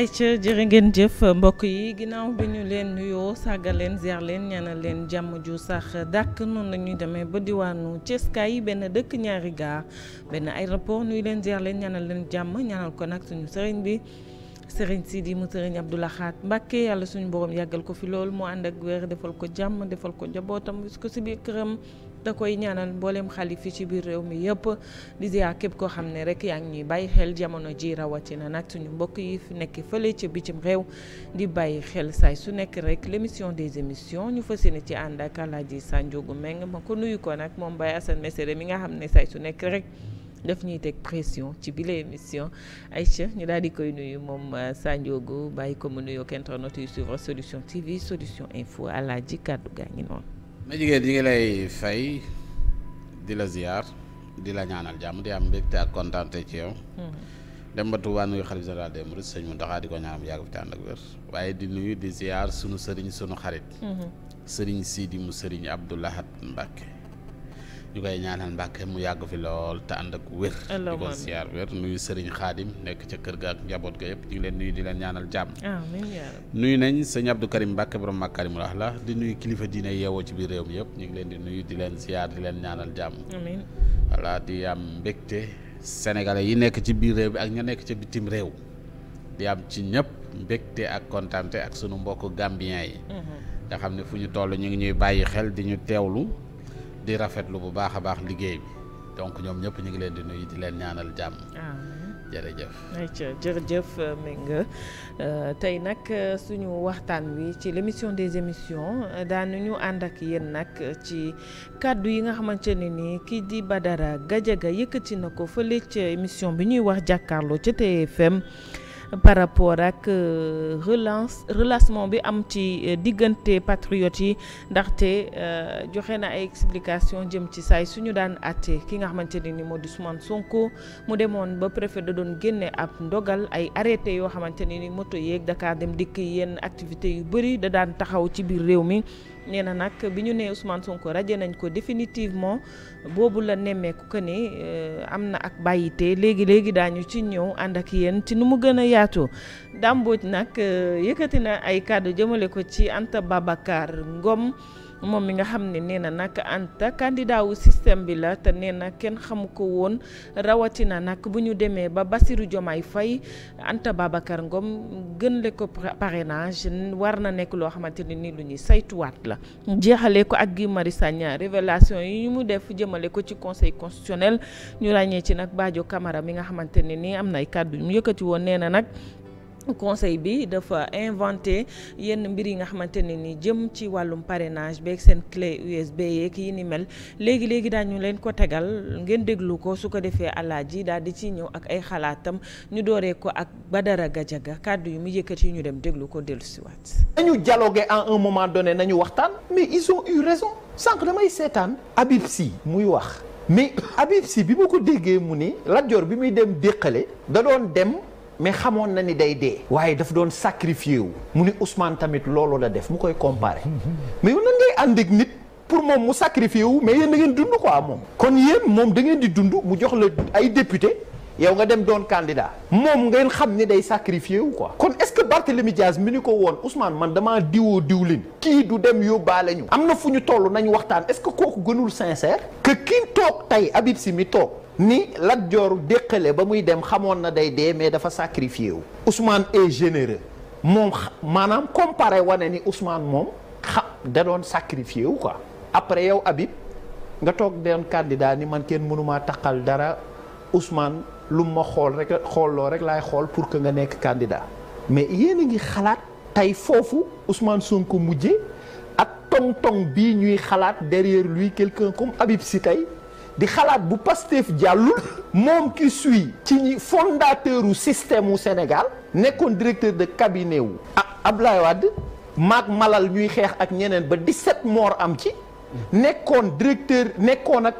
ayca jërë ngeen jëf mbokk yi ginnaaw bi ñu leen nuyoo sàggal leen ziar leen ñanal leen jàmm ju sax dàkk noonu la ñuy demee ba diwaanu Thiès kaay benn dëkk ñaari gaar benn aéroport nuyu leen ziar leen ñanal leen jàmm ñaanal ko nag suñu sëriñ bi si di mu ab du la xaat Mbacke yàlla suñu borom yàggal ko fi lool mu ànd ak wér defal ko jàmm defal ko njabootam bis ko si biir këram. da koy ñaanal mboolem xalif ci biir réew mi yëpp di képp koo xam ne rek yaa ngi ñuy bàyyi xel jamono ji rawatina nag suñu mbokk yi fi nekk fële bi bitim réew di bàyyi xel saay su nekk rek l' émission des émissions ñu fas yéene ci ànd ak Alaaji Sanjogu Meng ma ko nuyu ko nag moom Baye Assane Mesere mi nga xam ne saay su nekk rek. def ñuy teg pression ci bile émission Aïcha ñu daal di koy nuyu moom euh, Sanjoogu bàyyi ko mu nuyoo kenn internautes yu suivre solution TV solution info alaaji kàddu gaa ngi noonu. ma jigéen ñi ngi lay fay di la ziar di la ñaanal jàmm di am mbégte ak kontaante ci yow. Mm-hmm. dem ba Touba nuyu xarit général des Mourides sëñ Mountakha di ko ñaanam yàgg fi ànd ak wér waaye di nuyu di ziar sunu sëriñ sunu xarit. Mm-hmm. sëriñ Sidi mu sëriñ Abdou Lahad ñu koy ñaanal Mbàkke mu yàgg fi lool te ànd ak wér di ko siyaar wér nuyu Sëriñ Xaadim nekk ca kër ga ak njaboot ga yëpp ñu ngi leen nuyu di leen ñaanal jàmm nuyu nañ sëñ Abdou Karim Mbàkke borom Makaarimul Axlaaq di nuyu kilifa diine yeewoo ci biir réew yëpp ñu ngi leen di nuyu di leen siyaar di leen ñaanal jàmm voilà di am mbégte sénégalais yi nekk ci biir réew bi ak ña nekk ca bitim réew di am ci ñëpp mbégte ak kontaante ak sunu mbokk gambien yi mm-hmm. nga xam ne fu ñu toll ñu ngi ñuy bàyyi xel di ñu teewlu di rafetlu bu baax a baax liggéey bi donc ñoom ñëpp ñu ngi leen di nuyu di leen ñaanal jàmm. jërëjëf ayca jërëjëf euh, Mbengue euh, tey nag euh, suñu waxtaan wi ci l'émission des émissions daanuñu ànd ak yéen nag ci kàddu yi nga xamante ne nii kii di ba Badara Gajaga yëkkati na ko fële ca émission bi ñuy wax jàkkaarloo ca TFM par rapport ak euh, relance relâchement bi am ci euh, diggante patriotes yi ndaxte euh, joxe na ay explication jëm ci saay suñu daan àtte ki nga xamante ne ni moo di Ousmane Sonko mu demoon ba préfet da doon génne ab ndogal ay arrêté yoo xamante ne ni moto yeeg Dakar dem dikk yenn activité yu bëri da daan taxaw ci biir réew mi nee na nag bi ñu nee Ousmane Sonko radié nañ ko définitivement boobu la nemmeeku que ni euh, am na ak bàyyite léegi léegi daañu ci ñëw ànd ak yéen ci nu mu gën a yaatoo Dame Mbodj nag euh, yëkkati na ay kàddu jëmale ko ci Anta Babacar Ngom. moom mi nga xam ne nee na nag Anta candidat système bi la te nee na kenn xamu ko woon rawatina nag bu ñu demee ba Bassirou Diomaye fay Anta Babacar Ngom gën le ko parrainage war na nekk loo xamante ne ni lu ñuy saytuwaat la. jeexalee ko ak Guy Marius Sagna révélation yi mu def jëmale ko ci conseil constitutionnel ñu ràññee ci nag Badio Camara mi nga xamante ne ni am na ay kàddu yu mu yëkkati woon nee na nag. conseil bi dafa inventé yenn mbir yi nga xamante ne ni jëm ci wàllum parrainage beeg seen clé USB yi ni mel léegi léegi daañu leen ko tegal ngeen déglu ko su ko defee alaaji daal di ci ñëw ak ay xalaatam ñu dooree ko ak ba Badara Gajaga kàddu yu mu yi ñu dem déglu ko dellusiwaat. nañu dialogué à un moment donné nañu waxtaan mais ils ont eu raison sànq damay seetaan Habib Sy muy wax mais Habib Sy bi ma ko déggee mu ni Lat bi muy dem déqale da mais xamoon na ni day dee. waaye daf doon sacrifié wu. mu ni Ousmane tamit loolu la def mu koy comparé. mais yow nan ngay ànd ak nit. pour moom mu sacrifié wu mais yéen da ngeen dund quoi moom. kon yéen moom dangeen di dund mu jox la ay député yow nga dem doon candidat moom ngeen xam ni day sacrifié wu quoi kon Barthélemy Diaz mu ni ko woon Ousmane man damaa diwoo diwlin kii du dem yóbbaale ñu am na fu ñu toll nañu waxtaan est-ce que kooku gënul sincère que kii toog tey Habib si mi toog ni Lat Dior déqale ba muy dem xamoon na day dee mais dafa sacrifié wu Ousmane est généreux moom maanaam comparé wane ni Ousmane moom xam da doon sacrifié wu quoi après yow Habib nga toog doon candidat ni man kenn mënumaa taqal dara Ousmane lu mu ma xool rek xooloo rek laay xool pour que nga nekk candidat mais yéen a ngi xalaat tey foofu Ousmane Sonko mujje ak tong-tong bii ñuy xalaat derrière lui quelqu'un comme Habib tey di xalaat bu Pastef jàllul moom ki suy ci ñi fondateur u système wu Sénégal nekkoon directeur de cabinet wu ah Abdoulaye Wade maag malal ñuy xeex ak ñeneen ba 17 morts am ci nekkoon directeur nekkoon ak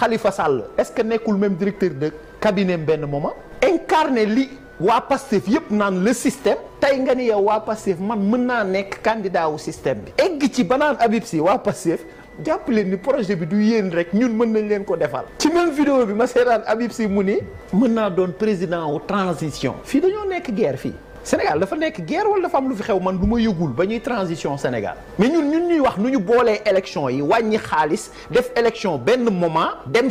xalifa ah, Sall est-ce que nekkul même directeur de cabinet benn moment incarné li waa Pastef yëpp naan le système tey nga ni yow waa Pastef man mën naa nekk candidat système bi egg ci ba naan Habib Sy waa Pastef jàpp leen ni projet bi du yéen rek ñun mën nañ leen ko defal ci même vidéo bi ma seetaan Habib Sy mu ni mën naa doon président wu transition fii dañoo nekk guerre fii Sénégal dafa nekk guerre wala dafa am lu fi xew man lu ma yëgul ba ñuy transition Sénégal mais ñun ñun ñuy wax nu ñu boolee élection yi wàññi xaalis def élection benn moment dem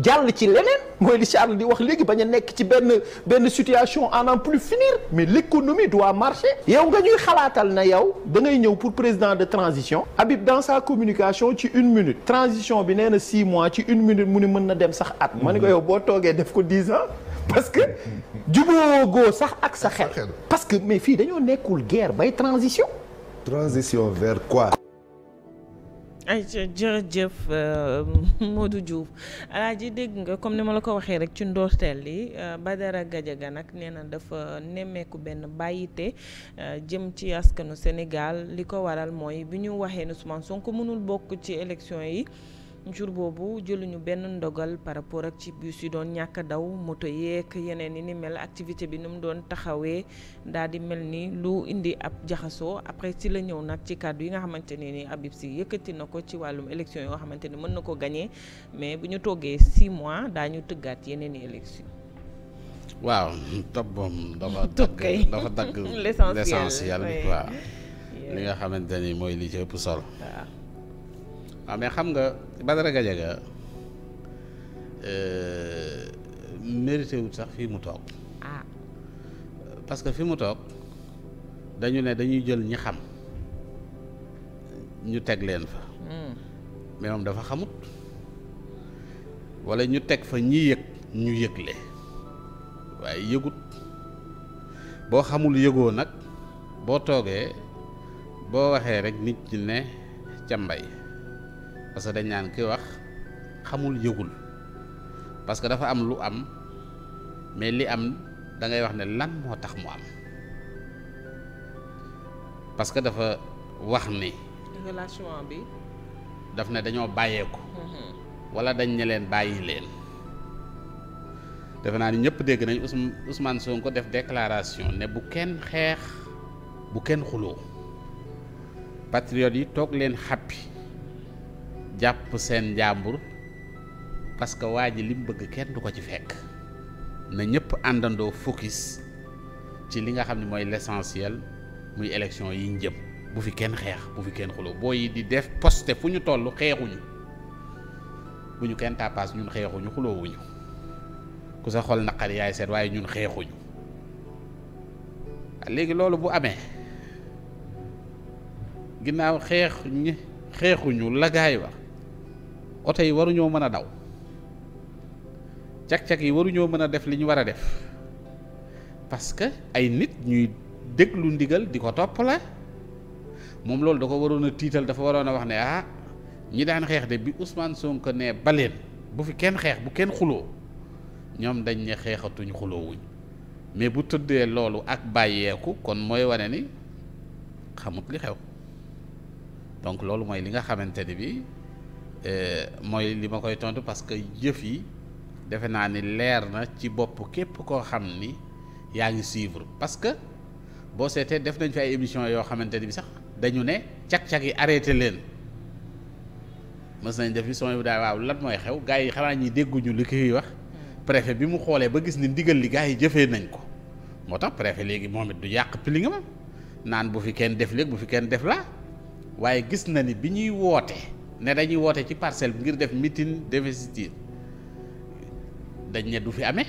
jàll ci leneen mooy li Charles di wax léegi ba ñu nekk ci benn benn situation en n'en plus finir mais l'économie doit marché yow nga ñuy xalaatal na yow da ngay ñëw pour président de transition Habib dans sa communication ci une minute transition bi nee na six mois ci une minute mu mën na dem sax at ma ne ko yow boo toogee def ko dix ans parce que jubóogoo sax ak sa xel parce que mais fii dañoo nekkul guerre bay transition transition vers quoi ay jërëjëf euh, Modou Diouf alaaji dégg nga comme ni ma la ko waxee rek ci ndoorteel li euh, Badara Gadiaga nag nee na dafa nemmeeku benn bàyyite euh, jëm ci askanu Sénégal li ko waral mooy bi ñu waxee ne Ousmane ko mënul bokk ci élection yi jour boobu jëluñu benn ndogal par rapport ak ci bus yi doon ñàkk daw moto yeeg yeneen yi ni mel activité bi nu mu doon taxawee daal di mel ni lu indi ab jaxasoo après ci la ñëw nag ci kàddu yi nga xamante ne ni Habib Sy yëkkati na ko ci wàllum élection yoo xamante ni mën na ko gagné mais bu ñu toogee six mois daañu tëggaat yeneen i élection waaw topp moom dafa dagg dafa dagg l'essentiel bi li nga xamante mooy li ci ëpp solo waaw mais xam nga Badara Gadiaga euh, mérité wut sax fii mu toog. ah parce que fi mu toog dañu ne dañuy jël ñi xam ñu teg leen fa. Hmm. mais moom dafa xamut walla ñu teg fa ñi yëg ñu yëgle waaye yëgut boo xamul yëgoo nag boo toogee boo waxee rek nit ñi ne ca mbay. parce que dañ naan ki wax xamul yëgul parce que dafa am lu am mais li am da ngay wax ne lan moo tax mu am parce que dafa wax ni relation bi daf ne dañoo bàyyeeku mm-hmm. wala dañ ne leen bàyyi leen defe naa ni ñëpp dégg nañ Ousmane ko def déclaration ne bu kenn xeex bu kenn xuloo patriotes yi toog leen xàppi jàpp seen njàmbur parce que waa ji lim bëgg kenn du ko ci fekk na ñëpp àndandoo focus ci li nga xam ne mooy l'essentiel muy élection yi ñu jëm bu fi kenn xeex bu fi kenn xuloo booy yi di def poste fu ñu toll xeexuñu bu ñu kenn tàppaas ñun xeexuñu xuloowuñu ku sa xol naqar yaay seet waaye ñun xeexuñu ah, léegi loolu bu amee ginnaaw xeex ñi xeexuñu la gaay wax oto yi waruñoo mën a daw cag-cag yi waruñoo mën a def li ñu war a def parce que ay nit ñuy déglu ndigal di ko topp la moom loolu da ko waroon a tiital dafa waroon a wax ne ah ñi daan xeex de bi Ousmane Sonko ne baleen bu fi kenn xeex bu kenn xuloo ñoom dañ ne xeexatuñ wuñ mais bu tëddee loolu ak bàyyeeku kon mooy wane ni xamut li xew donc loolu mooy li nga xamante ni bi Euh, mooy li ma koy tontu parce que jëf yi defe naa ni leer na ci bopp képp koo xam ni yaa ngi suivre parce que boo seetee def nañ fi ay émission yoo xamante ni bi sax dañu ne cag-cag yi arrêté leen mës nañ def émission bi daal waaw lan mooy xew gars yi xanaa ñi dégguñu li kiy wax mm. préfet bi mu xoolee ba gis ni ndigal li gars yi jëfee nañ ko moo tax préfet léegi moom it du yàq pili naan bu fi kenn def léegi bu fi kenn def laa waaye gis na ni bi ñuy wootee ne dañuy woote ci parcelle bi ngir def meeting d'investiture dañ ne du fi amee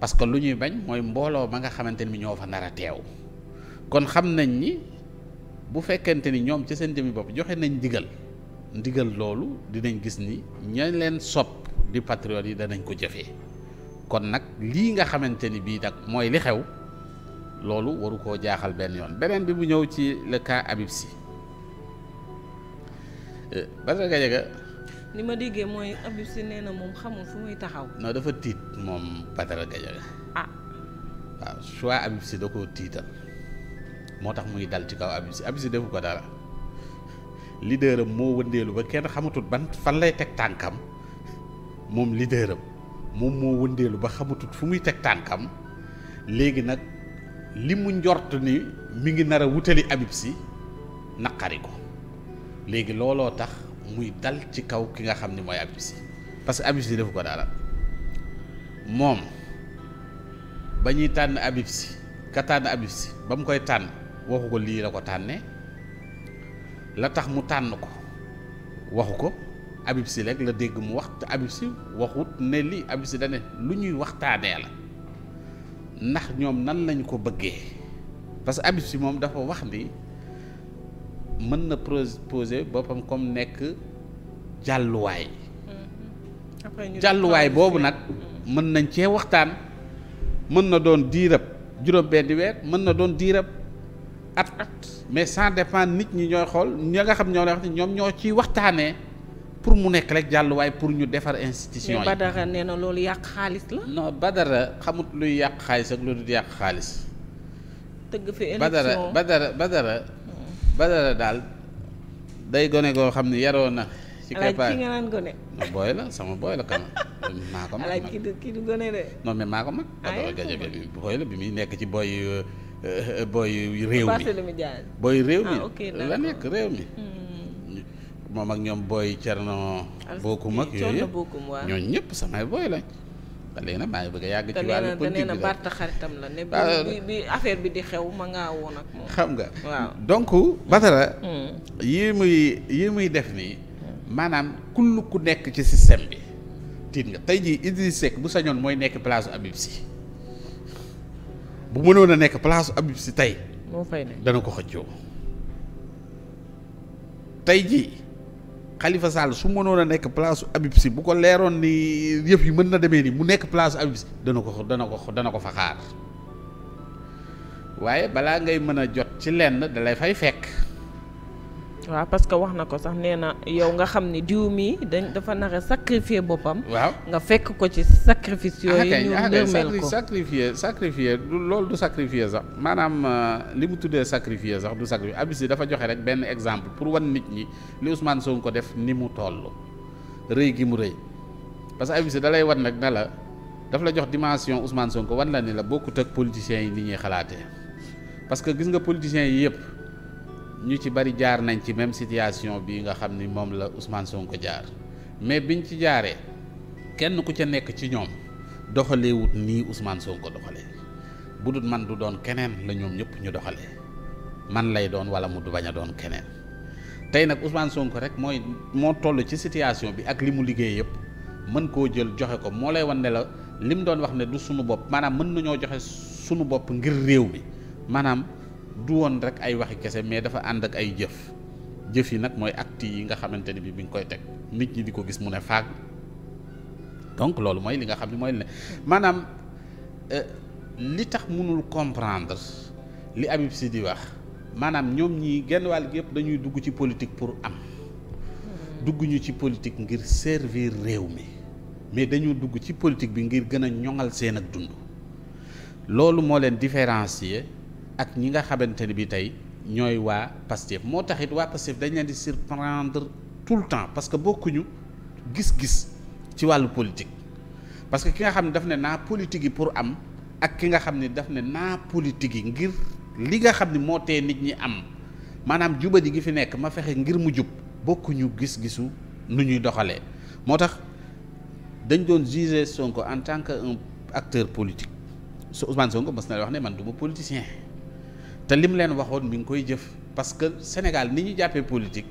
parce que lu ñuy bañ mooy mbooloo ba nga xamante ni ñoo fa nar a teew kon xam nañ ni bu fekkente ni ñoom ci seen jëmi bopp joxe nañ ndigal ndigal loolu dinañ gis ni ña leen sopp di patriote yi danañ ko jëfee kon nag lii nga xamante ni bii nag mooy li xew loolu waru koo jaaxal benn yoon beneen bi mu ñëw ci le cas Habib Eh, Badara Gadiaga ni ma déggee mooy Habib Sy nee na moom xamul fu muy taxaw. non dafa tiit moom Badara Gadiaga ah waaw choix Habib Sy da koo tiital moo tax muy dal ci kaw Habib Sy Habib Sy defu ko dara leader moo wëndeelu ba kenn xamatul ban fan lay teg tànkam moom leader am moom moo wëndeelu ba xamatul fu muy teg tànkam léegi nag li mu njort ni mi ngi nar a wutali Habib Sy naqari ko. léegi looloo tax muy dal ci kaw ki nga xam ni mooy Habib Sy parce que Habib Sy defu ko dara moom ba ñuy tànn Habib Sy ka tànn Habib Sy ba mu koy tànn waxu ko lii la ko tànnee la tax mu tànn ko waxu ko Habib Sy rek la dégg mu wax te Habib waxut ne lii Habib Sy dane lu ñuy waxtaanee la ndax ñoom nan lañ ko bëggee parce que Habib Sy moom dafa wax ni mën na proposer boppam comme nekk jàlluwaay mm-hmm. jàlluwaay boobu nag mën nañ cee waxtaan mën na doon diirab juróom benni weer mën na doon diirab at at mais sans dépendre nit ñi ñooy xool ña nga xam ñoo lay wax ñoom ñoo ciy waxtaanee pour mu nekk rek jàlluwaay pour ñu defar institution yi. Badara nee na loolu yàq xaalis la. non Badara xamut luy yàq xaalis ak lu dul yàq xaalis. tëgg fi élection Badara Badara. Badara daal day gone goo xam ne yaroo na. ci keppaar alaaj ki booy la sama booy la kanam. maa ko mag booy la bi muy nekk ci booy euh, booy réew mi booy réew mi ah, la nekk réew mi. Hmm. moom ak ñoom booy Cerno bokkum ak yooyu ñooñ ñëpp samay booy lañ. léegi nag maa ngi bëgg a yàgg ci wàllu politique bi Barth xaritam la ne bi bi affaire bi di xew ma ngaa woon ak xam nga waaw donc Badara hmm. yii muy yii muy def nii maanaam kull ku nekk ci système bi tiit nga tey jii Idriss Seck bu sañoon mooy nekk place Habib Sy bu mënoon nekk place Habib Sy tey moo fay ne dana ko xëccoo tey jii xalifa Sall su mënoon a nekk place Habib Sy bu ko leeroon ni yëf yi mën na deme ni mu nekk place Habib Sy dana ko dana ko dana ko fa xaar waaye balaa ngay mën a jot ci lenn dalay fay fekk waaw parce que wax na ko sax nee na yow nga xam ni diw mii dañ dafa nar a sacrifier boppam. waaw nga fekk ko ci sacrifice ah, yooyu. ñu ah, nërmeel ko sacrifier sacrifier du loolu du sacrifier sax maanaam euh, li mu tuddee sacrifier sax du sacrifier abis yi dafa joxe rek benn exemple pour wan nit ñi li Ousmane Sonko def ni mu toll rëy gi mu rëy parce que abis da lay wan nag ne la daf la jox dimension Ousmane Sonko wan la ni la bokkut ak politiciens yi ni ñuy xalaatee parce que gis nga politiciens yi yëpp. ñu ci bari jaar nañ ci même situation bii nga xam ni moom la Ousmane Sonko jaar mais biñ ci jaaree kenn ku ca nekk ci ñoom doxaleewut nii Ousmane Sonko doxalee bu dul man du doon keneen la ñoom ñëpp ñu doxale man lay doon wala mu du bañ a doon keneen tey nag Ousmane Sonko rek mooy moo toll ci situation bi ak li mu liggéey yëpp mën koo jël joxe ko moo lay wan ne la mu doon wax ne du sunu bopp maanaam mën nañoo joxe suñu bopp ngir réew mi maanaam. du woon rek ay waxi kese mais dafa ànd ak ay jëf jëf yi nag mooy acte yi nga xamante ni bi bi nga koy teg nit ñi di ko gis mu ne fàgg donc loolu mooy li nga xam mooy ne maanaam euh, li tax mënul comprendre li Habib di wax maanaam ñoom ñii genn wàll yëpp dañuy dugg ci politique pour am dugg ci politique ngir servir réew mi mais dañu dugg ci politique bi ngir gën a ñoŋal seen ak dund loolu moo leen différencier ak ñi nga xamante ne bi tey ñooy waa Pastef moo tax it waa Pastef dañ leen di surprendre tout le temps parce que bokkuñu gis-gis ci wàllu politique parce que ki nga xam ne daf ne naa politique yi pour am ak ki nga xam ne daf ne naa politique yi ngir li nga xam ni moo tee nit ñi am maanaam jubadi gi fi nekk ma fexe ngir mu jub bokkuñu gis-gisu nu ñuy doxalee moo tax dañ doon juger Sonko en tant que un acteur politique su Ousmane Sonko mas na wax ne man du ma politicien te mu leen waxoon mi ngi koy jëf parce que Sénégal ni ñu jàppee politique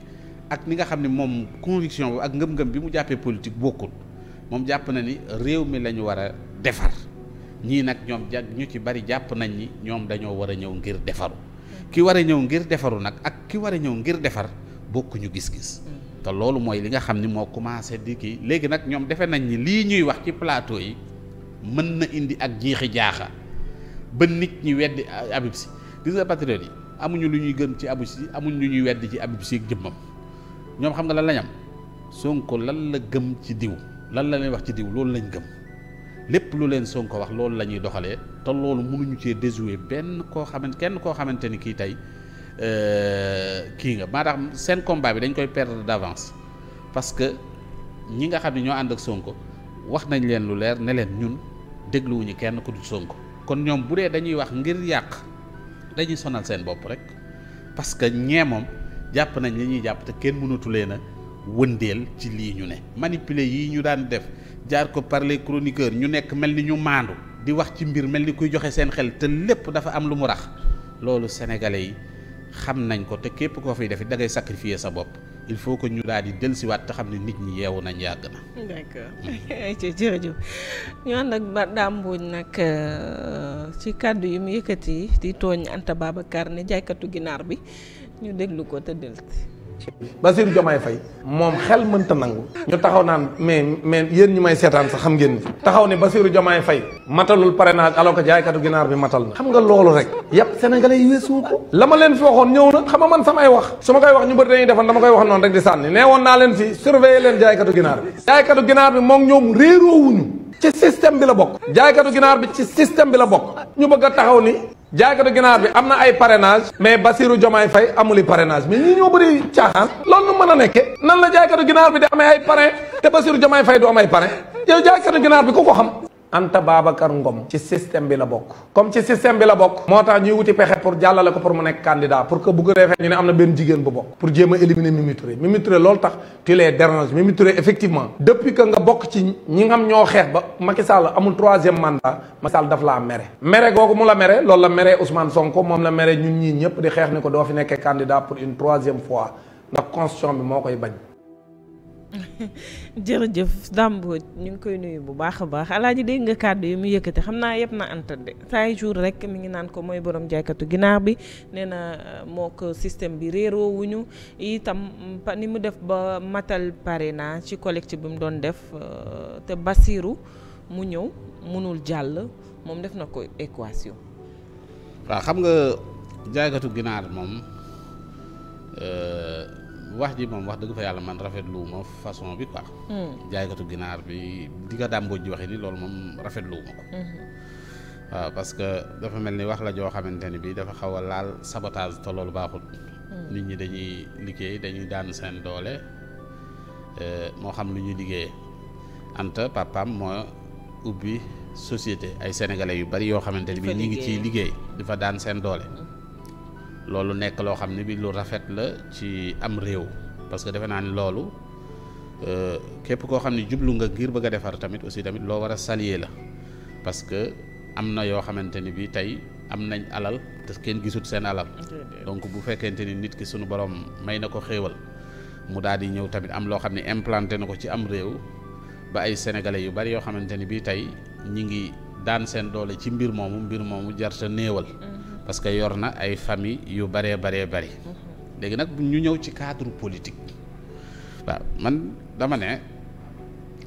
ak ni nga xam ne moom conviction ak ngëm-ngëm bi mu jàppee politique bokkul moom jàpp na ni réew mi lañu ñu war a defar ñii nag ñoom ja ñu ci bari jàpp nañ ni ñoom dañoo war a ñëw ngir defaru ki war a ñëw ngir defaru nag ak ki war a ñëw ngir defar bokkuñu gis-gis. te loolu mooy li nga xam ni moo commencé di kii léegi nag ñoom defe nañ ni lii ñuy wax ci plateau yi mën na indi ak jiixi jaaxa ba nit ñi weddi Habib gis nga patriotes yi amuñu lu ñuy gën ci Abou si amuñu lu ñuy wedd ci Abib Sy ak jëmmam ñoom xam nga lan lañ am Sonko lan la gëm ci diw lan la leen wax ci diw loolu lañ gëm lépp lu leen Sonko wax loolu la ñuy doxalee te loolu mënuñu cee déjouer benn koo xamante kenn koo xamante ni kii tey euh, kii nga maa tax seen combat bi dañ koy perdre d'avance parce que ñi nga xam ne ñoo ànd ak Sonko wax nañ leen lu leer ne leen ñun dégluwuñu kenn ku dul Sonko kon ñoom bu dee dañuy wax ngir yàq. dañuy sonal seen bopp rek parce que ñee moom jàpp nañ li ñuy jàpp te kenn mënatu leen a wëndeel ci lii ñu ne manipuler yii ñu daan def jaar ko par les chroniqueurs ñu nekk mel ni ñu maandu di wax ci mbir mel ni kuy joxe seen xel te lépp dafa am lu mu rax loolu sénégalais yi xam nañ ko te képp koo fiy def da ngay sacrifier sa bopp. il faut que ñu daal di dellusiwaat te xam ne nit ñi yeewu nañ yàgg na. d'accord mm-hmm. jërëjëf ñu ànd ak nag euh, ci kàddu yu mu yëkkati di tooñ Anta Babacar ne jaaykatu ginaar bi ñu déglu ko te dellusi. Bassirou Diomaye Faye moom xel mënta nangu ñu taxaw naan mais mais yéen ñu may seetaan sax xam ngeen ni taxaw ne Bassirou Diomaye Faye matalul parrainage alors que jaaykatu ginaar bi matal na xam nga loolu rek yàpp sénégalais yi weesu ko la ma leen fi waxoon ñëw na xam nga man samay wax su ma koy wax ñu bëri dañuy defoon dama koy wax noonu rek di sànni nee woon naa leen fi surveiller leen jaaykatu ginaar bi jaaykatu ginaar bi moom ñoom réeroowuñu ci bi la bokk jaaykatu ginaar bi ci système bi la bokk ñu bëgg a taxaw ni jaaykatu ginaar bi am na ay parrainage mais Bassirou Diomaye Faye amuli parrainage mais ñi ñoo bëri caaxaan loolu nu mën a nekke nan la jaaykatu ginaar bi di amee ay parrain te Bassirou Diomaye Faye du am ay parrain yow jaaykatu ginaar bi ku ko xam Anta Babacar Ngom ci système bi la bokk comme ci système bi la bokk moo tax ñuy wuti pexe pour jàllale ko pour mu nekk candidat pour que bu ko defee ñu ne am na benn jigéen bu bokk pour jéem a éliminer Mimi Touré Mimi Touré loolu tax tu les déranges Mimi Touré effectivement depuis que nga bokk ci ñi nga xam ñoo xeex ba Macky amul troisième mandat Macky daf laa mere mere googu mu la mere loolu la mere Ousmane Sonko moom la mere ñun ñii ñëpp di xeex ni ko doo fi nekkee candidat pour une troisième fois ndax constitution bi moo koy bañ jërëjëf Dambo ñu ngi koy nuyu bu baax a baax alaaji dégg nga kàddu yi mu yëkkati xam naa yëpp na antal de saa jour rek mi ngi naan ko mooy borom jaaykatu ginaar bi nee na euh, moo ko système bi réeroo wuñu itam ni mu def ba matal pare naa ci collectif bi mu doon def euh, te Basiru mu ñëw mënul jàll moom def na ko équation. waaw xam nga jaaykatu ginaar moom. Euh, wax ji moom wax dëgg fa yàlla man rafetlu ma façon bi quoi. Hmm. jaaykatu ginaar bi di ko daam dàmboo ji waxee ni loolu moom rafetlu ma ko. Hmm. waaw parce que dafa mel ni wax la joo xamante ni bii dafa xaw a laal sabotage te loolu baaxul. Hmm. nit ñi dañuy liggéey dañuy daan seen doole eh, moo xam lu ñuy liggéeyee Anta papaam moo ubbi société ay sénégalais yu bari yoo xamante ni bii ñu ngi ciy liggéey di fa daan seen doole. loolu nekk loo xam ne bi lu rafet la ci am réew parce que defe naa ne loolu euh, képp koo xam ne jublu nga ngir bëgg a defar tamit aussi tamit loo war a saluer la parce que am na yoo xamante ni bi tey am nañ alal te kenn gisut seen alal donc bu fekkente ni nit ki sunu borom may na ko xéewal mu daal di ñëw tamit am loo xam ne implanté na ko ci am réew ba ay sénégalais yu bari yoo xamante ni bi tey ñi ngi daan seen doole ci mbir moomu mbir moomu jar sa néewal mm-hmm. parce que yor na ay famille yu bëree baree bari léegi nag ñu ñëw ci cadre politique waaw man dama ne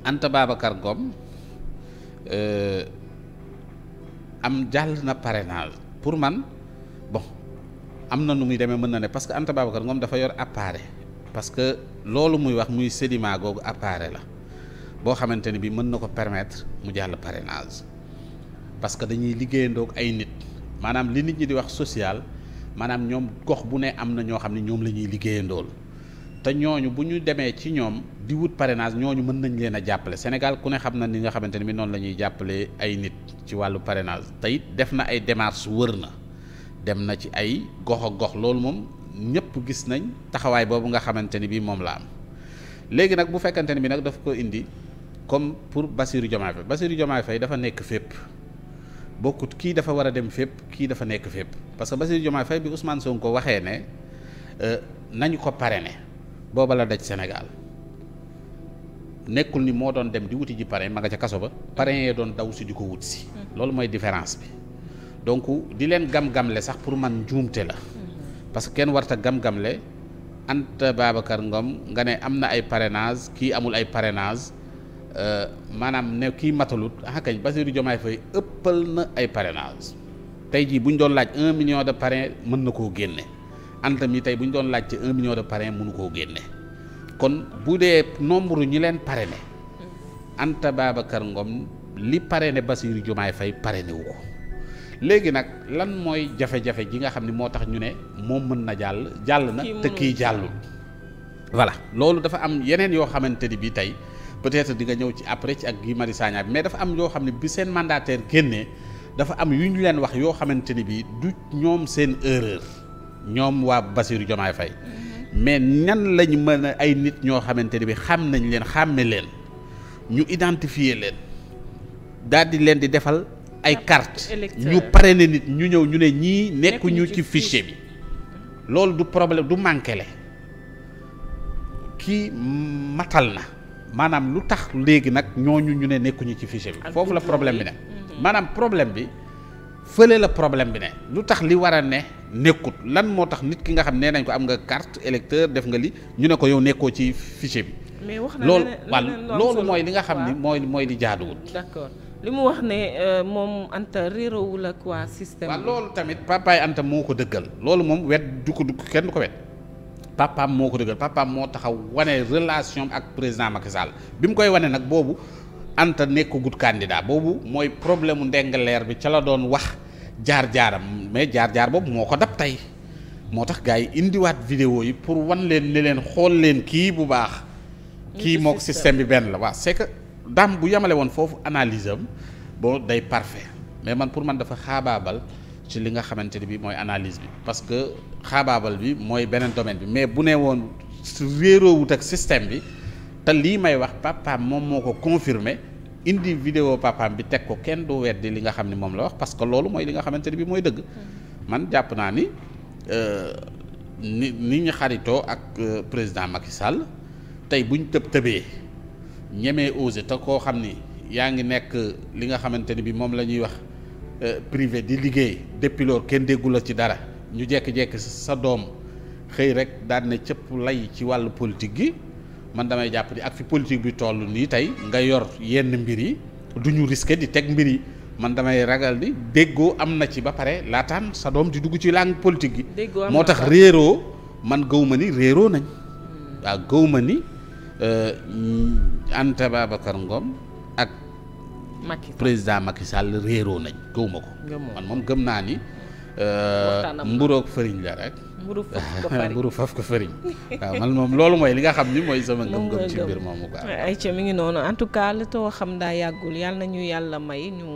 Anta Babacar Ngom euh, am jàll na parrainage pour man bon am na nu muy demee mën na ne parce que Anta Babacar Ngom dafa yor appareil parce que loolu muy wax muy sédiment googu appareil la boo xamante ni bi mën na ko permettre mu jàll parrainage parce que dañuy liggéeyandoog ay nit maanaam li nit ñi di wax social maanaam ñoom gox bu ne am na ñoo xam ne ñoom la ñuy liggéeyandool te ñooñu bu ñu demee ci ñoom di wut parrainage ñooñu mën nañ leen a jàppale Sénégal ku ne xam na ni nga xamante ni bi noonu la ñuy jàppale ay nit ci wàllu parrainage tey def na ay démarches wër na dem na ci ay gox gox loolu moom ñëpp gis nañ taxawaay boobu nga xamante ni bi moom la am léegi nag bu fekkante ni bi nag daf ko indi comme pour Bassirou Diomaye Faye Bassirou Diomaye Faye dafa nekk fépp bokkut kii dafa war a dem fépp kii dafa nekk fépp parce que Bassirou Diomaye Faye bi Ousmane ko waxee ne euh, nañu ko ne booba la daj Sénégal nekkul ni moo doon dem di wuti ji parrain ma nga ca kaso ba pare yee doon daw si di ko wut si mm-hmm. loolu mooy différence bi donc di leen gam-gamle sax pour man njuumte la mm-hmm. parce que kenn warta gam-gamle Anta Babacar Ngom nga ne am na ay parrainage kii amul ay parrainage Euh, maanaam ne kii matalut ah kañ Bassirou Diomaye Faye ëppal na ay parrainage tey jii bu ñu doon laaj un million de parrain mën na koo génne Anta mi tey bu ñu doon laaj ci un million de parrain mënu koo génne kon bu dee nombre ñi leen parrainé Anta Babacar Ngom li pare parrainé Bassirou Diomaye Faye parrainé wu ko léegi nag lan mooy jafe-jafe ji nga xam ni moo tax ñu ne moom mën na jàll jàll na te kii jàllul voilà loolu dafa am yeneen yoo xamante ni bi tey peut-être di nga ñëw ci après ci ak Guy Marius mais dafa am yoo xam ne bi seen mandataire génnee dafa am yu ñu leen wax yoo xamante ni bii du ñoom seen erreur ñoom waa Bassirou Diomaye Faye mm-hmm. mais ñan lañ mën a ay nit ñoo xamante ni bi xam nañ leen xàmme leen ñu identifier leen daal di leen di defal ay carte ñu parrainé nit ñu ñëw ñu ne ñii nekkuñu ci fichier bi loolu du problème du manqué le kii matal na maanaam lu tax léegi nag ñooñu ñu ne nekkuñu ci fichier bi foofu la problème bi ne mm-hmm. maanaam problème bi fële la problème bi ne lu tax li war a ne nekkut lan moo tax nit ki nga xam nee nañ ko am nga carte électeur def nga li ñu ne ko yow nekkoo ci fichier bi mais wax na loolu wàll loolu mooy li nga xam ni mooy mooy di jaaduwul d'accord li mu wax ne euh, moom Anta réeroowul ak waa système waaw loolu tamit papaay Anta moo ko dëggal loolu moom wet du ko du kenn du ko wet papaam moo ko dëggal papaam moo taxaw wane relation ak président Macky Sall bi mu koy wane nag boobu Anta nekkagut kandidaa boobu mooy problème mu ndengaleer bi ca la doon wax jaar-jaaram mais jaar-jaar boobu moo ko dab tey moo tax gars yi indiwaat vidéo yi pour wan leen ne leen xool leen kii bu baax. kii mook système bi benn la waaw c'est que daam bu yamale woon foofu analyse am bon day parfait mais man pour man dafa xaabaabal. ci li nga xamante ne bi mooy analyse bi parce que xaabaabal bi mooy beneen domaine bi mais bu ne woon su wéeroowut ak système bi te lii may wax papaam moom moo ko confirmé indi vidéo papaam bi teg ko kenn du weddi li nga xam ne moom la wax parce que loolu mooy li nga xamante ne bi mooy dëgg mm. man jàpp naa ni euh, ni ni ñu xaritoo ak euh, président Macky Sall tey buñ tëb tëbee ñemee osé te koo xam ni yaa ngi nekk li nga xamante ni bi moom la ñuy wax Euh, privé di liggéey depuis kenn déggu la ci dara ñu jekk-jekk sa doom xëy rek daan ne cëpp lay ci wàllu politique gi man damay jàpp ni ak fi politique bi toll nii tey nga yor yenn mbir yi duñu ñu di teg mbir yi man damay ragal ni déggoo am na ci ba pare laataan sa doom di dugg ci langue politique gi moo tax réeroo man gëw ma ni réeroo nañ hmm. waaw gëw ma ni euh, Anta Babacar Ngom président Macky Sall réeroo nañ gëwuma ko man moom gëm naa ni euh, mburoog fëriñ la rek mburu faf ko fariñ waaw man moom loolu mooy li nga xam ni mooy sama ngëm-ngëm ci mbir moomu quoi ay ca mi ngi noonu en tout cas li too xam daa yàggul yàlla na ñu yàlla may ñu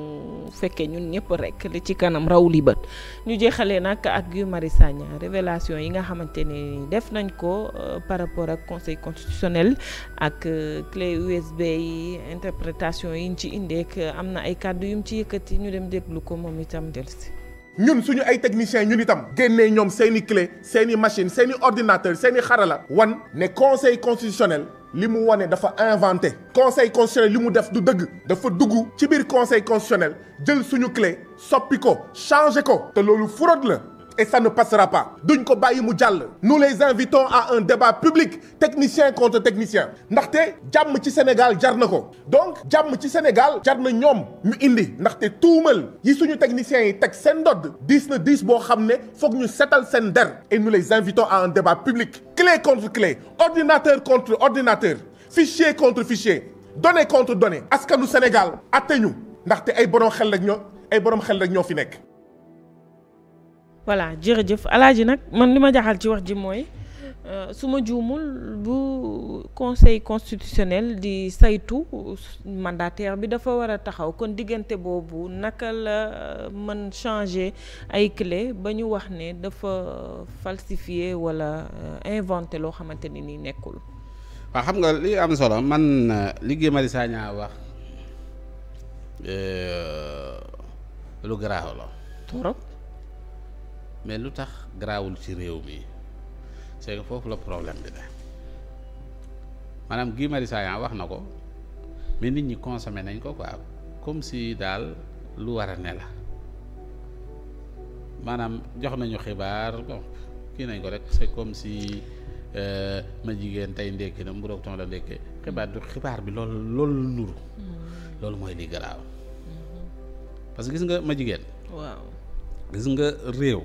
fekkee ñun ñëpp rekk li ci kanam raw li bët ñu jeexalee nag ak Guy mari Sagna révélation yi nga xamante ni def nañ ko euh, par rapport ak conseil constitutionnel ak euh, clé USB yi interprétation yi ñu ci indeek euh, am na ay kàddu yu mu ci yëkkati ñu dem déglu ko moom itam delsi ñun suñu ay techniciens ñun itam génnee ñoom seeni i clé seen machine seeni ordinateur seen i xarala wan ne conseil constitutionnel li mu wane dafa inventé conseil constitutionnel li mu def du dëgg dafa dugg ci biir conseil constitutionnel jël suñu clé soppi ko changé ko te loolu fraude la et ça ne passera pas duñ ko bàyyi mu jàll nous les invitons à un débat public technicien contre technicien ndaxte jàmm ci Sénégal jar na ko donc jàmm ci Sénégal jar na ñoom ñu indi ndaxte tuumal yi suñu techniciens yi teg seen ndodd diis na diis boo xam ne foog ñu setal seen der et nous les invitons à un débat public clé contre clé ordinateur contre ordinateur fichier contre fichier données contre données askanu Sénégal atte ñu ndaxte ay borom xel rek ñoo ay borom xel rek ñoo fi nekk voilà jërëjëf alaaji nag man li ma jaaxal ci wax ji mooy euh, su ma juumul bu conseil constitutionnel di saytu mandataire bi dafa war a taxaw kon diggante boobu naka la euh, mën changer ay clé ba ñu wax ne dafa falsifier walla euh, inventer loo xamante ni nii nekkul waa xam nga li am solo man li Guy Marius Sagna wax lu garaaw la trop mais lu tax garaawul ci réew mi c'est que foofu la problème bi ne maanaam Guy Marius wax na ko mais nit ñi consommé nañ ko ak comme si daal lu war a ne la maanaam jox nañu xibaar kii nañ ko rek c'est comme si euh, ma jigéen tey ndekki na mburoog ton la ndekkee xibaar xibaar bi loolu loolu nuru mm-hmm. loolu mooy li garaaw mm-hmm. parce que gis nga ma jigéen waaw gis nga réew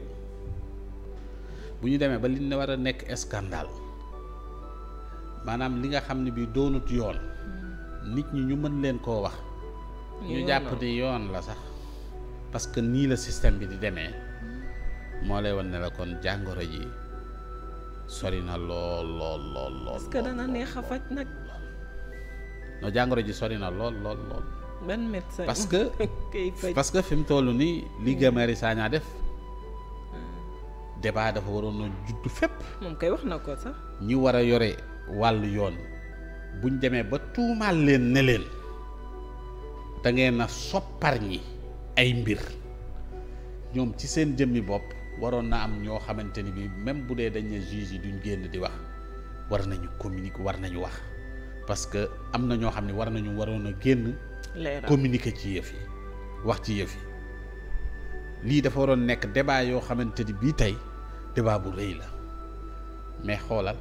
bu ñu demee ba li ne war a nekk scandale maanaam li nga xam ne bii doonut yoon nit ñi ñu mën leen koo wax ñu jàpp ni yoon la sax parce que nii la système bi di demee moo lay wan ne kon jàngoro ji sori na lool lool lool lool. est-ce que dana neex a jàngoro ji sori na lool lool lool. parce que parce que fi mu toll nii li mm. Guy Marius def. debaa dafa waroon a judd fépp. moom kay wax na ko sax. ñi war a yore wàll yoon buñ demee ba tuumaal leen ne leen dangeen ngeen a soppar ñi ay mbir ñoom ci seen jëmmi bopp waroon na am ñoo xamante ni bi même bu dee dañ ne juge yi duñ génn di wax war nañu communiquer war nañu wax parce que am na ñoo xam ne war nañu waroon a génn. communiquer ci yëf yi wax ci yëf yi. lii dafa waroon nekk débat yoo xamante ni bii tey débat bu rëy la mais xoolal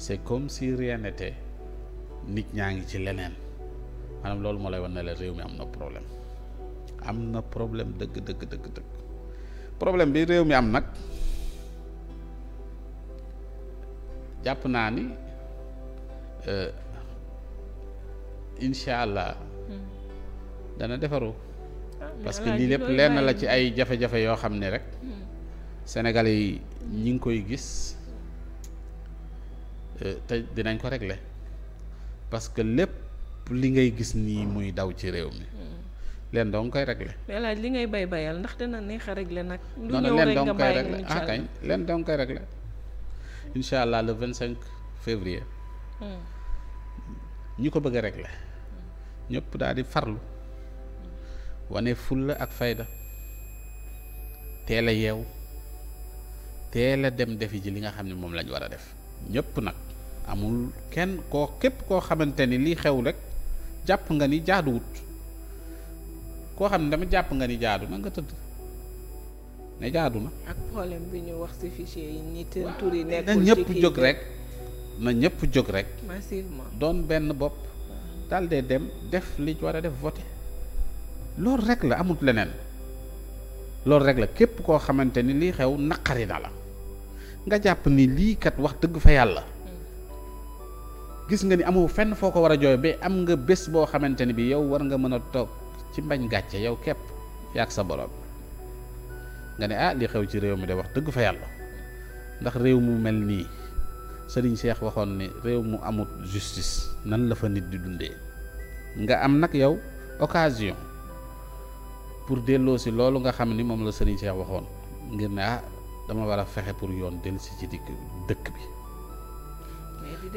c'est comme si rien nit ñaa ngi ci leneen maanaam loolu moo lay wan na la réew mi am na problème am na problème dëgg dëgg dëgg problème bi réew mi am nag jàpp naa ni euh, incha allah hmm. dana defaru ah, parce que lii lépp lenn la ci ay jafe-jafe yoo xam ne rek hmm. sénégalais yi ñi ngi koy gis euh, te dinañ ko regle parce que lépp li ngay gis nii muy daw ci réew mi mm. leen doo nga koy régler. li ngay bay bayal ndax dina neex a nag. leen doo nga ah, koy régler incha allah le vingt cinq février. Mm. ñi ko bëgg a régler mm. ñëpp daal di farlu wane fulla ak fayda teel a yeew. te la dem defi ji li nga xam ne moom la war a def ñëpp nag amul kenn koo képp koo xamante ni lii xew rek jàpp nga ni jaaduwut koo xam ne dama jàpp nga ni jaadu na nga tëdd ne jaadu na. ak problème bi ñu wax ci fichier yi ñi seen jóg rek na ñépp jóg rek. massivement doon benn bopp. daal dee dem def li war a def voté loolu rek la amut leneen. loolu rek la képp koo xamante ni lii xew naqari na la nga jàpp ni lii kat wax dëgg fa yàlla gis nga ni amoo fenn foo ko war a jooy ba am nga bés boo xamante ni bi yow war nga mën a toog ci mbañ gàcce yow kepp yaag sa borom nga ne ah li xew ci réew mi de wax dëgg fa yàlla ndax réew mu mel nii sëriñ Cheikh waxoon ni réew mu amut justice nan la fa nit di dundee nga am nag yow occasion pour delloo si loolu nga xam ni moom la sëriñ Cheikh waxoon ngir ne ah dama war a fexe pour yoon dellusi ci dikk dëkk bi.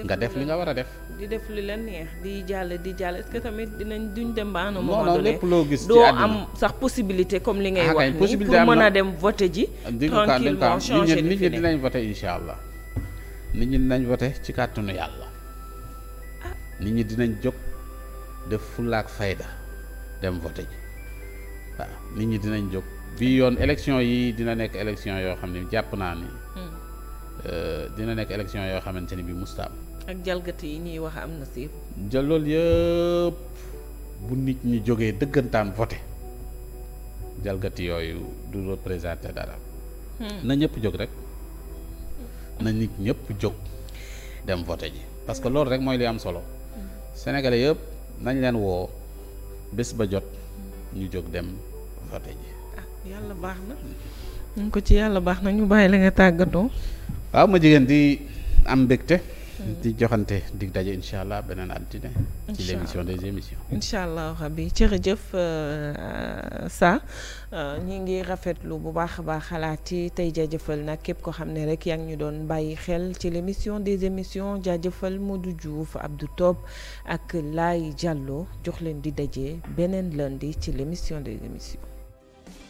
nga def li nga war a def. di def li la neex di jàll di jàll est-ce tamit dinañ duñ dem ba. non non lépp loo gis ci doo am sax possibilité comme li ngay ah, wax nii pour a dem vote ji. tranquillement changer nit ñi dinañ vote incha allah. nit ñi dinañ ci kàttanu yàlla. Ah. nit ñi dinañ jóg def fulaak fayda dem vote ji waaw nit ñi dinañ jóg. bii yoon élection yi dina nekk élection yoo xam ne jàpp naa ni hmm. euh, dina nekk élection yoo xamante ni bi mustaam ak jalgati yi ñuy wax am na si jël loolu yëpp bu nit ñu jógee dëggantaan voté jalgati yooyu du représenté dara hmm. na ñëpp jóg rek na nit ñëpp jóg dem voté ji parce que loolu rek mooy li am solo hmm. sénégalais yëpp nañ leen woo bés ba jot ñu jóg dem voté ji yàlla baax na ñu ko ci yàlla baax na ñu bàyyi la nga tàggatoo. waaw ma jigéen di am mbégte. di joxante dig daje incha allah beneen altine. ci l'émission des émissions. incha allah rabi jërëjëf euh, sa euh, ñi ngi rafetlu bu baax a baax xalaat yi tey jaajëfal nag képp ko xam ne rek yaa ngi ñu doon bàyyi xel ci l'émission des émissions jaajëfal Modou Diouf Abdou Top ak Laye Diallo jox leen di daje beneen leen di ci l'émission des émissions.